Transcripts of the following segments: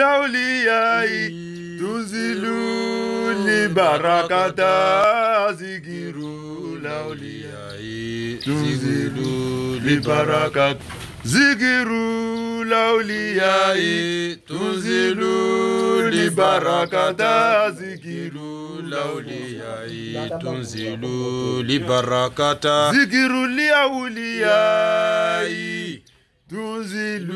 الأولياء تنزل لبركة ذكر الأولياء تنزل لبركة ذكر الأولياء تنزل لبركة ذكر الأولياء تنزل لبركة ذكر الأولياء تنزل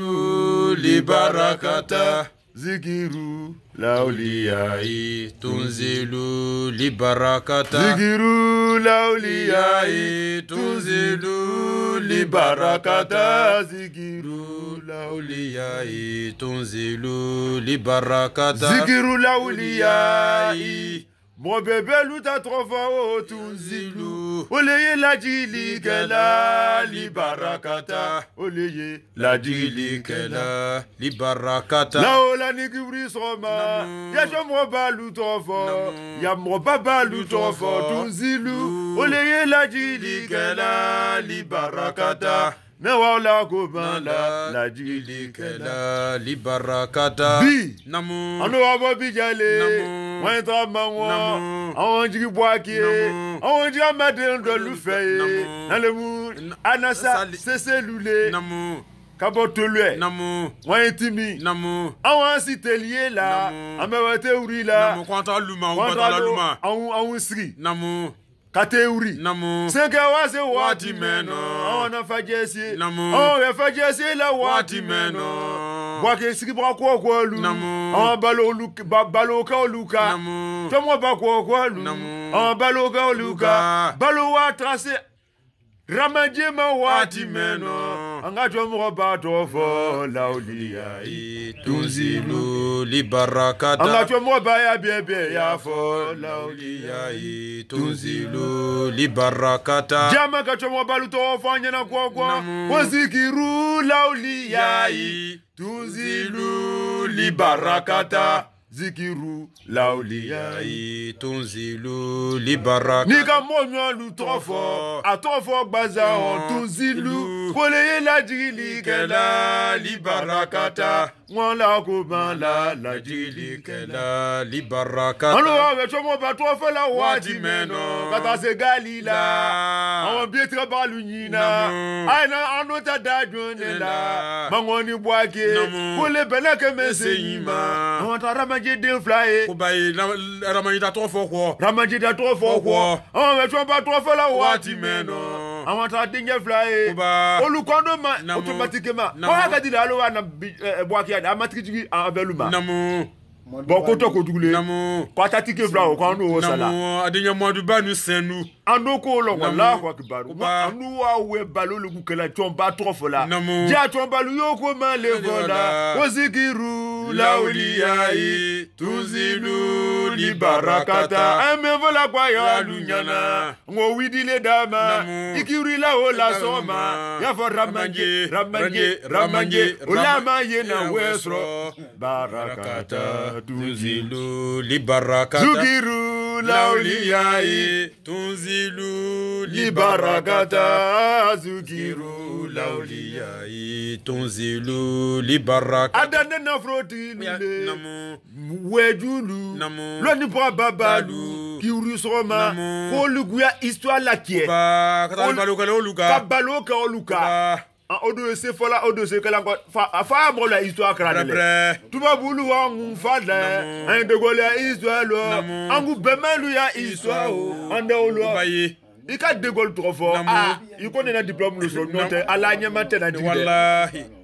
لبركة zikiru lauliyayi tunzilu libarakata zikiru lauliyayi tunzilu libarakata zikiru lauliyayi tunzilu libarakata zikiru lauliyayi mɔbɛbɛlu ta tɔgɔ fɔ o tunzilu oleye lajili kẹla libarakata oleye lajili kẹla libarakata. laola ni kibiri sọgọma yasọmọ b'alu tọ fọ yamọba b'alu tọ fọ tunzilu oleye lajili kẹla libarakata ne wawla ko ban la lajili kɛla libarakata bi namu an bɛ wabɔ bi jale namu wɔn ye tɔgɔ man wɔ namu anw jigi bɔ a k'i ye anw jigi an bɛ den dɔ lu fɛ ye nalemu anasa seselule namu ka bɔ tolue namu wɔn ye timi namu anw an si teliye la Namu bɛ wɛrɛ tɛ wuli la namu kɔntan luma kɔntan luma anw anw sigi namu ka te wuli namu se kɛ waase waati mɛn nɔ na fajesi o ye fajesi la waati mɛn nɔ bɔkɛ sigibɔ ko ko olu ɔ balo olu balo ka olu ka tɔmɔ ba ko ko olu ɔ balo ka olu ka balo waa taga se ma waati mɛn nɔ. angatwa mwabato fo laulia tunzilu libarakata angatwa mwabaya bebe ya fo laulia tunzilu libarakata jama katwa mwabalu to fanya na kwa kwa wazikiru laulia tunzilu libarakata zikiru lawuliya ye tonzilu libara. n'i ka mɔɔ ɲɔɔlu tɔgɔ fɔ a tɔgɔ fɔ gbaza hɔn tonzilu koleye lajigilikɛla libarakata wọn la ko ban la lajigilikɛla libarakata. an n'o y'a mɛ sɔmɔba tɔgɔ fɔ la waati mɛn nɔ ka taa se gali la àwọn bíi tigabaalu ɲinan a ye na an n'o ta da jɔn de la mangoni buwake kole bɛlɛ kɛmɛ se yin ma ramajiden fila ye. ko b'a ye ramajida tɔgɔ fɔ kɔ. ramajida tɔgɔ fɔ kɔ. anw bɛ tɔnba tɔgɔ fɔla waati mɛn nɔ. àwọn ta denkɛ fila ye. kuba olu kɔndɔ ma otomatikema. namu kɔngɔ ka di la alo wa na bi ɛ buwakiya de a ma tigi jigin a bɛ lu ma. namu bɔn ko tɔ kojugu le Namu. ke fila o kan n'o sala. namu adiɲɛ mɔduba ni sɛnu. an do ko lɔgɔ lahu akibaru ma anu wa wɛ balo lugu kɛlɛ namu lauliyai tuzilu libarakata ẹmẹfọlá kwaya lunyana ŋo widile dama ikirila o la sọma yafọ ramanje ramanje ramanje olama yena wẹsọrọ barakata tuzilu libarakata. zukiru. لأوليائي تنزل لبركة ذكر لأوليائي تنزل لبركة أدنى نفروتي نمو وجلو نمو لوني بابا بالو kiwuru sɔgɔma k'olu guya histoire la tiɲɛ ka balo kɛ olu kan ka balo kɛ olu kan. Ah, odo ese fɔla odo ese kɛla nkɔ fa ah, fa mɔgɔ la histoire kɛra de lɛ tubabu lu wa ŋun fa lɛ an ye dogoli ya histoire lɔ an k'u bɛnbɛn lu ya histoire o an tɛ o lɔ i ka de Gaulle tɔgɔ fɔ aa i ko ne na diplôme de sɔrɔ n'o tɛ ala ɲɛma tɛ na jigin dɛ.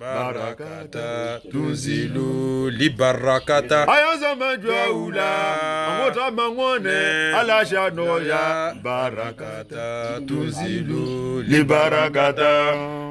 barakata tunzilu libarakata. ayanza majua ula angota mangone alasha noya barakata tunzilu libarakata.